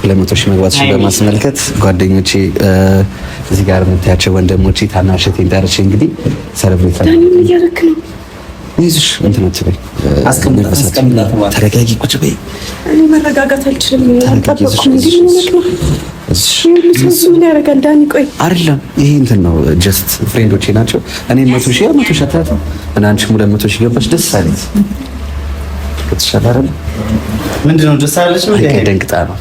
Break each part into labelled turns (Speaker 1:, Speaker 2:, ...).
Speaker 1: ሁለት መቶ ሺህ መግባትሽን በማስመልከት ጓደኞቼ እዚህ ጋር የምታያቸው ወንድሞቼ ታናሽቴን ጠርቼ እንግዲህ ሰለብሬት ይዙሽ እንትን አትበይ፣ ተረጋጊ፣ ቁጭ በይ።
Speaker 2: እኔ መረጋጋት አልችልም። ቆይ
Speaker 1: አይደለም ይሄ እንትን ነው፣ ጀስት ፍሬንዶቼ ናቸው። እኔ መቶ ሺህ መቶ ሺህ አታያትም እና አንቺም ሁለት መቶ ሺህ ገባሽ፣ ደስ አለኝ።
Speaker 3: ምንድን ነው? ደስ አለች
Speaker 1: ነው ደንግጣ ነው።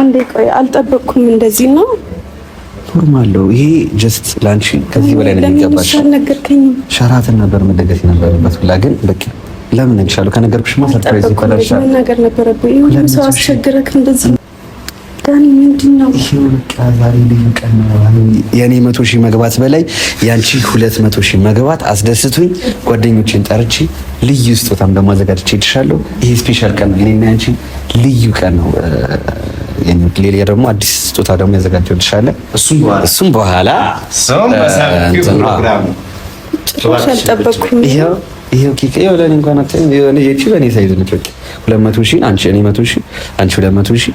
Speaker 2: አንዴ ቆይ፣ አልጠበቅኩም እንደዚህ ነው።
Speaker 1: ኖርማል ነው ይሄ። ጀስት ላንቺ ከዚህ በላይ ነው የሚገባሽ። ሸራትን ነበር መደገስ የነበረበት ሁላ ግን በቂ ለምን እንሻለሁ። ከነገርኩሽ ማ ሰርፕራይዝ
Speaker 2: ይባላል። ነገር ነበረብኝ ሰው አስቸግረክ እንደዚህ ዳኒ ምንድን
Speaker 1: ይሄ? በቃ ዛሬ ልዩ ቀን ነው። የኔ መቶ ሺህ መግባት በላይ ያንቺ ሁለት መቶ ሺህ መግባት አስደስቱኝ። ጓደኞቼን ጠርቼ ልዩ ስጦታም ደግሞ አዘጋጅቼ ይድሻለሁ። ይሄ ስፔሻል ቀን ነው፣ እኔና ያንቺ ልዩ ቀን ነው። ሌላ ደግሞ አዲስ ስጦታ ደግሞ ያዘጋጀሁልሻለሁ። እሱም በኋላ ይሄ ኬክ ይሄ ለኔ እንኳን አታይም። የሆነ የቺ በኔ ሳይዝ ሁለት መቶ ሺህ አንቺ እኔ መቶ ሺህ አንቺ ሁለት መቶ ሺህ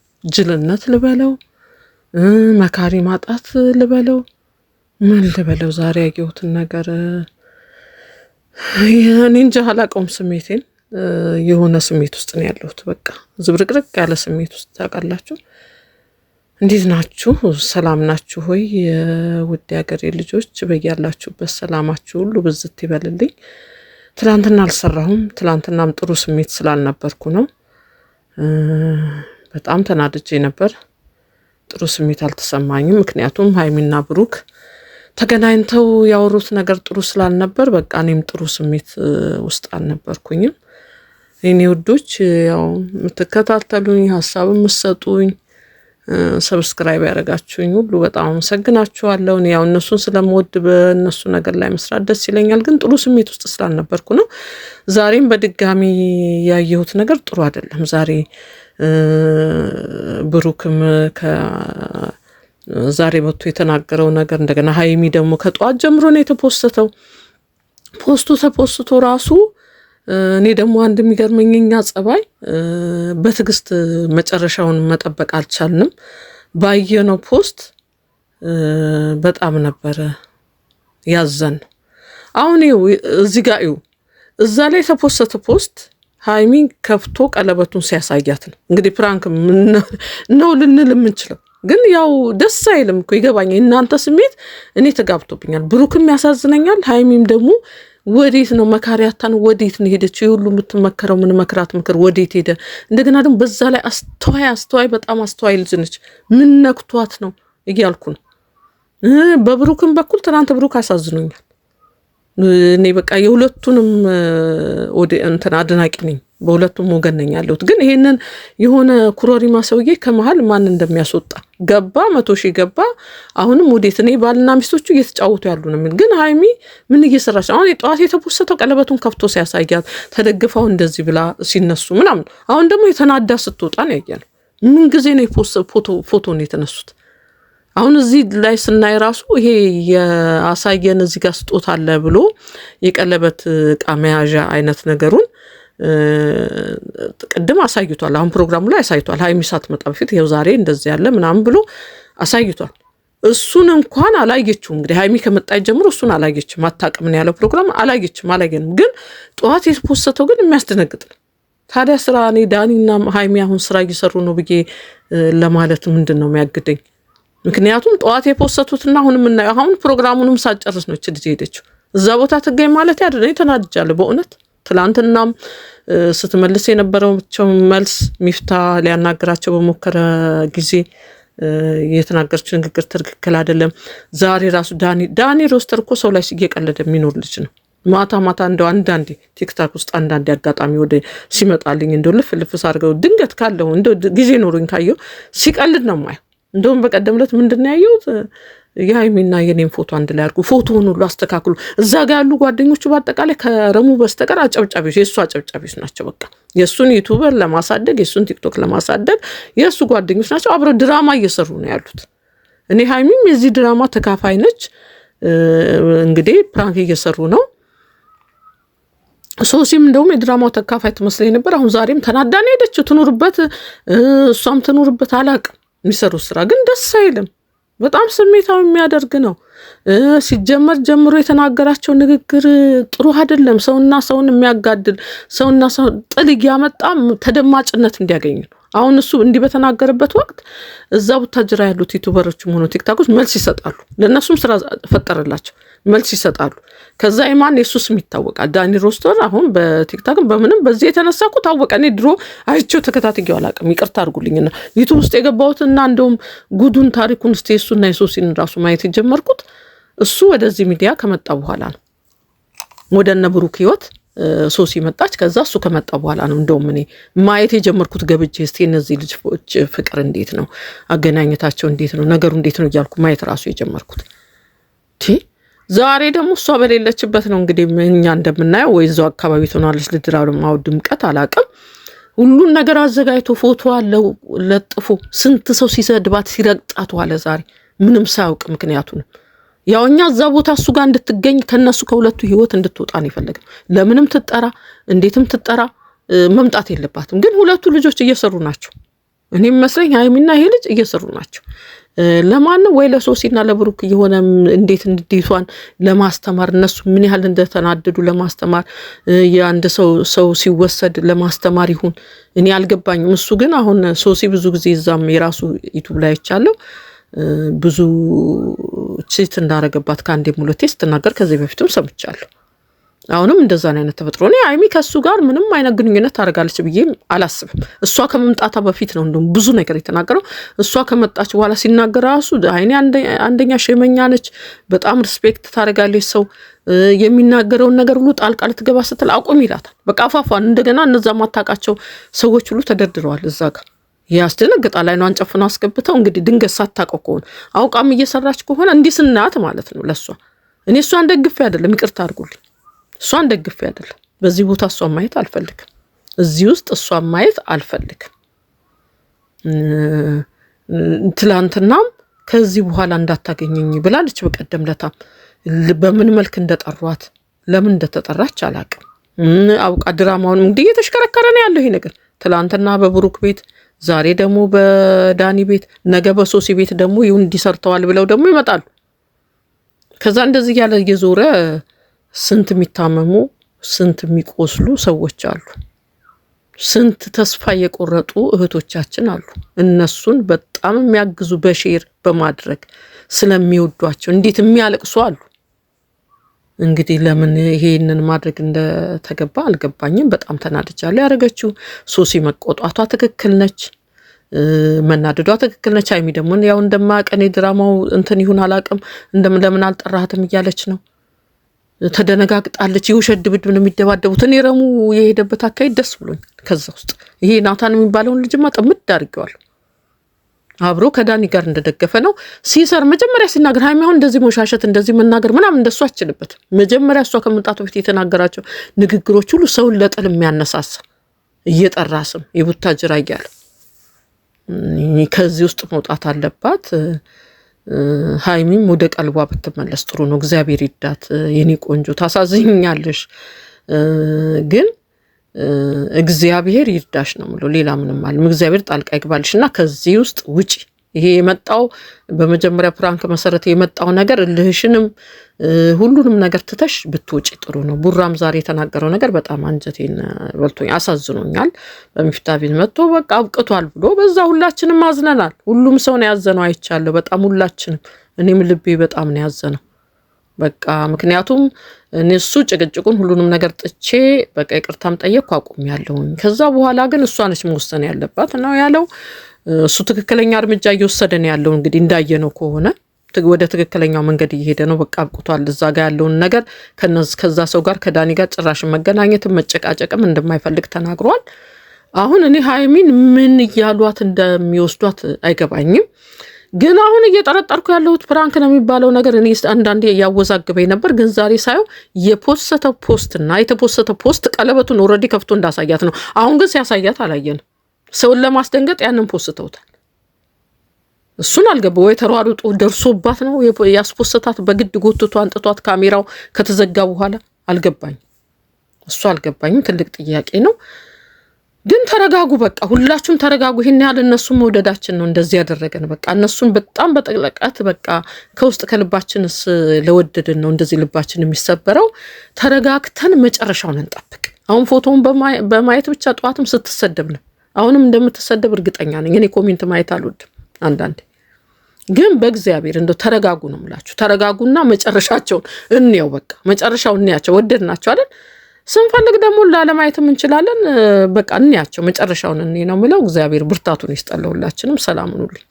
Speaker 4: ጅልነት ልበለው፣ መካሪ ማጣት ልበለው፣ ምን ልበለው? ዛሬ ያየሁትን ነገር እኔ እንጃ አላውቀውም። ስሜቴን የሆነ ስሜት ውስጥ ነው ያለሁት። በቃ ዝብርቅርቅ ያለ ስሜት ውስጥ ታውቃላችሁ። እንዴት ናችሁ? ሰላም ናችሁ ሆይ? የውድ ሀገሬ ልጆች በያላችሁበት ሰላማችሁ ሁሉ ብዝት ይበልልኝ። ትላንትና አልሰራሁም። ትላንትናም ጥሩ ስሜት ስላልነበርኩ ነው በጣም ተናድጄ ነበር። ጥሩ ስሜት አልተሰማኝም። ምክንያቱም ሀይሚና ብሩክ ተገናኝተው ያወሩት ነገር ጥሩ ስላልነበር በቃ እኔም ጥሩ ስሜት ውስጥ አልነበርኩኝም። የኔ ውዶች ያው የምትከታተሉኝ ሀሳብ የምትሰጡኝ ሰብስክራይብ ያደረጋችሁኝ ሁሉ በጣም አመሰግናችኋለሁ። ያው እነሱን ስለምወድ በእነሱ ነገር ላይ መስራት ደስ ይለኛል፣ ግን ጥሩ ስሜት ውስጥ ስላልነበርኩ ነው። ዛሬም በድጋሚ ያየሁት ነገር ጥሩ አይደለም። ዛሬ ብሩክም ዛሬ መጥቶ የተናገረው ነገር እንደገና ሀይሚ ደግሞ ከጠዋት ጀምሮ ነው የተፖስተተው። ፖስቱ ተፖስቶ ራሱ እኔ ደግሞ አንድ የሚገርመኝ እኛ ጸባይ በትዕግስት መጨረሻውን መጠበቅ አልቻልንም። ባየነው ፖስት በጣም ነበረ ያዘን። አሁን ይኸው እዚህ ጋር እዛ ላይ የተፖሰተ ፖስት ሀይሚ ከፍቶ ቀለበቱን ሲያሳያት ነው። እንግዲህ ፕራንክ ነው ልንል የምንችለው ግን ያው ደስ አይልም እኮ ይገባኛል። እናንተ ስሜት እኔ ተጋብቶብኛል። ብሩክም ያሳዝነኛል። ሀይሚም ደግሞ ወዴት ነው መካሪያታን ወዴት ነው ሄደች? የሁሉ የምትመከረው ምን መክራት ምክር ወዴት ሄደ? እንደገና ደግሞ በዛ ላይ አስተዋይ አስተዋይ በጣም አስተዋይ ልጅ ነች። ምን ነክቷት ነው እያልኩ ነው። በብሩክም በኩል ትናንት ብሩክ አሳዝኖኛል። እኔ በቃ የሁለቱንም እንትን አድናቂ ነኝ። በሁለቱም ወገን ነኝ ያለሁት። ግን ይሄንን የሆነ ኩሮሪማ ሰውዬ ከመሀል ማን እንደሚያስወጣ ገባ፣ መቶ ሺህ ገባ። አሁንም ወዴት እኔ ባልና ሚስቶቹ እየተጫወቱ ያሉ ነው። ምን ግን ሀይሚ ምን እየሰራች አሁን? ጠዋት የተፖሰተው ቀለበቱን ከፍቶ ሲያሳያት ተደግፋው እንደዚህ ብላ ሲነሱ ምናምን፣ አሁን ደግሞ የተናዳ ስትወጣ ነው ያየነው። ምን ጊዜ ነው ነው የተነሱት? አሁን እዚህ ላይ ስናይ ራሱ ይሄ የአሳየን እዚህ ጋር ስጦታ አለ ብሎ የቀለበት እቃ መያዣ አይነት ነገሩን ቅድም አሳይቷል። አሁን ፕሮግራሙ ላይ አሳይቷል። ሀይሚ ሳትመጣ በፊት ይኸው ዛሬ እንደዚህ ያለ ምናምን ብሎ አሳይቷል። እሱን እንኳን አላየችውም። እንግዲህ ሀይሚ ከመጣች ጀምሮ እሱን አላየችም፣ አታውቅም ያለው ፕሮግራም። አላየችም፣ አላየንም። ግን ጠዋት የተፖሰተው ግን የሚያስደነግጥ ነው። ታዲያ ስራ እኔ ዳኒና ሀይሚ አሁን ስራ እየሰሩ ነው ብዬ ለማለት ምንድን ነው የሚያግደኝ? ምክንያቱም ጠዋት የፖሰቱትና አሁን የምናየው አሁን ፕሮግራሙንም ሳጨርስ ነው ችድ ሄደችው እዛ ቦታ ትገኝ ማለት ያደ ተናድጃለሁ። በእውነት ትላንትናም ስትመልስ የነበረቸው መልስ ሚፍታ ሊያናግራቸው በሞከረ ጊዜ የተናገረችው ንግግር ትክክል አይደለም። ዛሬ ራሱ ዳኒ ዳኒ ሮስተር እኮ ሰው ላይ እየቀለደ የሚኖር ልጅ ነው። ማታ ማታ እንደው አንዳንዴ ቲክታክ ውስጥ አንዳንዴ አጋጣሚ ወደ ሲመጣልኝ እንደው ልፍ ልፍስ አድርገው ድንገት ካለው እንደው ጊዜ ኖሮኝ ካየው ሲቀልድ ነው ማየው እንደውም በቀደም ዕለት ምንድን ያየሁት የሀይሚና የኔም ፎቶ አንድ ላይ አድርጉ፣ ፎቶውን ሁሉ አስተካክሉ። እዛ ጋር ያሉ ጓደኞቹ በአጠቃላይ ከረሙ በስተቀር አጨብጫቢዎች፣ የእሱ አጨብጫቢዎች ናቸው። በቃ የእሱን ዩቱበር ለማሳደግ የእሱን ቲክቶክ ለማሳደግ የእሱ ጓደኞች ናቸው። አብረው ድራማ እየሰሩ ነው ያሉት። እኔ ሀይሚም የዚህ ድራማ ተካፋይ ነች። እንግዲህ ፕራንክ እየሰሩ ነው። ሶሲም እንደውም የድራማው ተካፋይ ትመስለኝ ነበር። አሁን ዛሬም ተናዳን ሄደች። ትኑርበት፣ እሷም ትኑርበት፣ አላቅም የሚሰሩት ስራ ግን ደስ አይልም። በጣም ስሜታዊ የሚያደርግ ነው። ሲጀመር ጀምሮ የተናገራቸው ንግግር ጥሩ አይደለም። ሰውና ሰውን የሚያጋድል ሰውና ሰው ጥል እያመጣ ተደማጭነት እንዲያገኝ ነው። አሁን እሱ እንዲህ በተናገረበት ወቅት እዛ ቡታጅራ ያሉት ዩቱበሮችም ሆኖ ቲክታኮች መልስ ይሰጣሉ። ለእነሱም ስራ ፈጠረላቸው። መልስ ይሰጣሉ። ከዛ ኢማን የሱ ስም ይታወቃል። ዳኒ ሮስተር አሁን በቲክታክም በምንም በዚህ የተነሳ እኮ ታወቀ። እኔ ድሮ አይቼው ተከታትዬው አላውቅም፣ ይቅርታ አድርጉልኝና ዩቱብ ውስጥ የገባሁት እና እንደውም ጉዱን ታሪኩን እስቲ የሱና የሶሲን ራሱ ማየት የጀመርኩት እሱ ወደዚህ ሚዲያ ከመጣ በኋላ ነው። ወደ እነ ብሩክ ህይወት ሶሲ መጣች። ከዛ እሱ ከመጣ በኋላ ነው እንደውም እኔ ማየት የጀመርኩት ገብቼ እስቲ እነዚህ ልጆች ፍቅር እንዴት ነው፣ አገናኘታቸው እንዴት ነው፣ ነገሩ እንዴት ነው እያልኩ ማየት ራሱ የጀመርኩት። ቴ ዛሬ ደግሞ እሷ በሌለችበት ነው እንግዲህ እኛ እንደምናየው ወይ እዛው አካባቢ ትሆናለች። ልድራማው ድምቀት አላውቅም። ሁሉን ነገር አዘጋጅቶ ፎቶ አለው ለጥፎ ስንት ሰው ሲሰድባት ሲረግጣት ዋለ። ዛሬ ምንም ሳያውቅ ምክንያቱንም ያው እኛ እዛ ቦታ እሱ ጋር እንድትገኝ ከነሱ ከሁለቱ ህይወት እንድትወጣ ነው የፈለግነው። ለምንም ትጠራ እንዴትም ትጠራ መምጣት የለባትም። ግን ሁለቱ ልጆች እየሰሩ ናቸው። እኔ መስለኝ ሀይሚና ይሄ ልጅ እየሰሩ ናቸው። ለማንም ወይ ለሶሲና ለብሩክ የሆነ እንዴት እንዴቷን ለማስተማር እነሱ ምን ያህል እንደተናደዱ ለማስተማር የአንድ ሰው ሰው ሲወሰድ ለማስተማር ይሁን እኔ አልገባኝም። እሱ ግን አሁን ሶሲ ብዙ ጊዜ እዛም የራሱ ዩቱብ ላይ ይቻለው ብዙ ችት እንዳረገባት ከአንዴም ሁለቴ ስትናገር ከዚህ በፊትም ሰምቻለሁ። አሁንም እንደዛን አይነት ተፈጥሮ እኔ አይሚ ከእሱ ጋር ምንም አይነት ግንኙነት ታደርጋለች ብዬም አላስብም። እሷ ከመምጣቷ በፊት ነው እንደውም ብዙ ነገር የተናገረው። እሷ ከመጣች በኋላ ሲናገር ራሱ አይኔ አንደኛ ሸመኛ ነች፣ በጣም ሪስፔክት ታደርጋለች ሰው የሚናገረውን ነገር ሁሉ ጣልቃ ልትገባ ስትል አቁም ይላታል። በቃ አፏፏን እንደገና እነዛ ማታቃቸው ሰዎች ሁሉ ተደርድረዋል እዛ ጋር ያስደነግጣል። አይኗን ጨፍነው አስገብተው እንግዲህ ድንገት ሳታውቀው ከሆነ አውቃም እየሰራች ከሆነ እንዲህ ስናያት ማለት ነው ለእሷ እኔ እሷን ደግፌ አይደለም ይቅርታ አድርጉልኝ እሷን ደግፌ አይደለም። በዚህ ቦታ እሷን ማየት አልፈልግም። እዚህ ውስጥ እሷን ማየት አልፈልግም። ትላንትናም ከዚህ በኋላ እንዳታገኘኝ ብላለች። በቀደም ለታም በምን መልክ እንደጠሯት ለምን እንደተጠራች አላቅም። አውቃ ድራማውን እንግዲህ እየተሽከረከረ ነው ያለው ይሄ ነገር። ትላንትና በብሩክ ቤት፣ ዛሬ ደግሞ በዳኒ ቤት፣ ነገ በሶሲ ቤት ደግሞ ይሁን እንዲሰርተዋል ብለው ደግሞ ይመጣሉ። ከዛ እንደዚህ እያለ እየዞረ ስንት የሚታመሙ ስንት የሚቆስሉ ሰዎች አሉ። ስንት ተስፋ የቆረጡ እህቶቻችን አሉ። እነሱን በጣም የሚያግዙ በሼር በማድረግ ስለሚወዷቸው እንዴት የሚያለቅሱ አሉ። እንግዲህ ለምን ይሄንን ማድረግ እንደተገባ አልገባኝም። በጣም ተናድጃለሁ። ያደረገችው ሶሲ መቆጣቷ ትክክል ነች። መናደዷ ትክክል ነች። አይሚ ደግሞ ያው እንደማያውቀን የድራማው እንትን ይሁን አላቅም፣ ለምን አልጠራህትም እያለች ነው ተደነጋግጣለች። የውሸት ድብድብ ነው የሚደባደቡት። እኔ ረሙ የሄደበት አካሄድ ደስ ብሎኛል። ከዛ ውስጥ ይሄ ናታን የሚባለውን ልጅማ ጥምድ አድርጌዋለሁ። አብሮ ከዳኒ ጋር እንደደገፈ ነው ሲሰር መጀመሪያ ሲናገር ሀይሚ አሁን እንደዚህ መሻሸት እንደዚህ መናገር ምናምን እንደሱ አችልበት። መጀመሪያ እሷ ከመምጣቱ በፊት የተናገራቸው ንግግሮች ሁሉ ሰውን ለጥል የሚያነሳሳ እየጠራ ስም የቡታጅራ እያለ ከዚህ ውስጥ መውጣት አለባት። ሀይሚም ወደ ቀልቧ ብትመለስ ጥሩ ነው። እግዚአብሔር ይዳት የኔ ቆንጆ ታሳዝኛለሽ፣ ግን እግዚአብሔር ይርዳሽ ነው ምለው። ሌላ ምንም አለም። እግዚአብሔር ጣልቃ ይግባልሽ እና ከዚህ ውስጥ ውጪ ይሄ የመጣው በመጀመሪያ ፕራንክ መሰረት የመጣው ነገር እልህሽንም ሁሉንም ነገር ትተሽ ብትወጪ ጥሩ ነው። ቡራም ዛሬ የተናገረው ነገር በጣም አንጀቴን በልቶ አሳዝኖኛል። በሚፍታ ቤት መጥቶ በቃ አብቅቷል ብሎ በዛ ሁላችንም አዝነናል። ሁሉም ሰው ነው ያዘነው አይቻለሁ። በጣም ሁላችንም፣ እኔም ልቤ በጣም ነው ያዘነው። በቃ ምክንያቱም እሱ ጭቅጭቁን ሁሉንም ነገር ጥቼ በቃ ይቅርታም ጠየቅኩ አቁም ያለውኝ። ከዛ በኋላ ግን እሷ ነች መወሰን ያለባት ነው ያለው እሱ ትክክለኛ እርምጃ እየወሰደ ነው ያለው። እንግዲህ እንዳየነው ከሆነ ወደ ትክክለኛው መንገድ እየሄደ ነው። በቃ አብቅቷል። እዛ ጋር ያለውን ነገር ከዛ ሰው ጋር ከዳኒ ጋር ጭራሽን መገናኘትም መጨቃጨቅም እንደማይፈልግ ተናግሯል። አሁን እኔ ሀይሚን ምን እያሏት እንደሚወስዷት አይገባኝም። ግን አሁን እየጠረጠርኩ ያለሁት ፕራንክ ነው የሚባለው ነገር እኔ አንዳንዴ እያወዛግበኝ ነበር። ግን ዛሬ ሳየው ፖስት ፖስትና የተፖሰተው ፖስት ቀለበቱን ኦልሬዲ ከፍቶ እንዳሳያት ነው። አሁን ግን ሲያሳያት አላየንም። ሰውን ለማስደንገጥ ያንን ፖስተውታል። እሱን አልገባ ወይ ተሯሩጦ ደርሶባት ነው ያስፖሰታት በግድ ጎትቶ አንጥቷት ካሜራው ከተዘጋ በኋላ አልገባኝ እሱ አልገባኝም፣ ትልቅ ጥያቄ ነው። ግን ተረጋጉ፣ በቃ ሁላችሁም ተረጋጉ። ይህን ያህል እነሱን መውደዳችን ነው እንደዚህ ያደረገን። በቃ እነሱን በጣም በጠቅለቀት በቃ ከውስጥ ከልባችን ለወደድን ነው እንደዚህ ልባችን የሚሰበረው። ተረጋግተን መጨረሻውን እንጠብቅ። አሁን ፎቶውን በማየት ብቻ ጠዋትም ስትሰደብ ነው አሁንም እንደምትሰደብ እርግጠኛ ነኝ። እኔ ኮሜንት ማየት አልወድም። አንዳንዴ ግን በእግዚአብሔር እንደው ተረጋጉ ነው የምላችሁ። ተረጋጉና መጨረሻቸውን እንየው። በቃ መጨረሻው እንያቸው። ወደድናቸው አይደል? ስንፈልግ ደግሞ ላለማየትም እንችላለን። በቃ እንያቸው፣ መጨረሻውን እኔ ነው የምለው። እግዚአብሔር ብርታቱን ይስጠን ለሁላችንም። ሰላም ሁኑልኝ።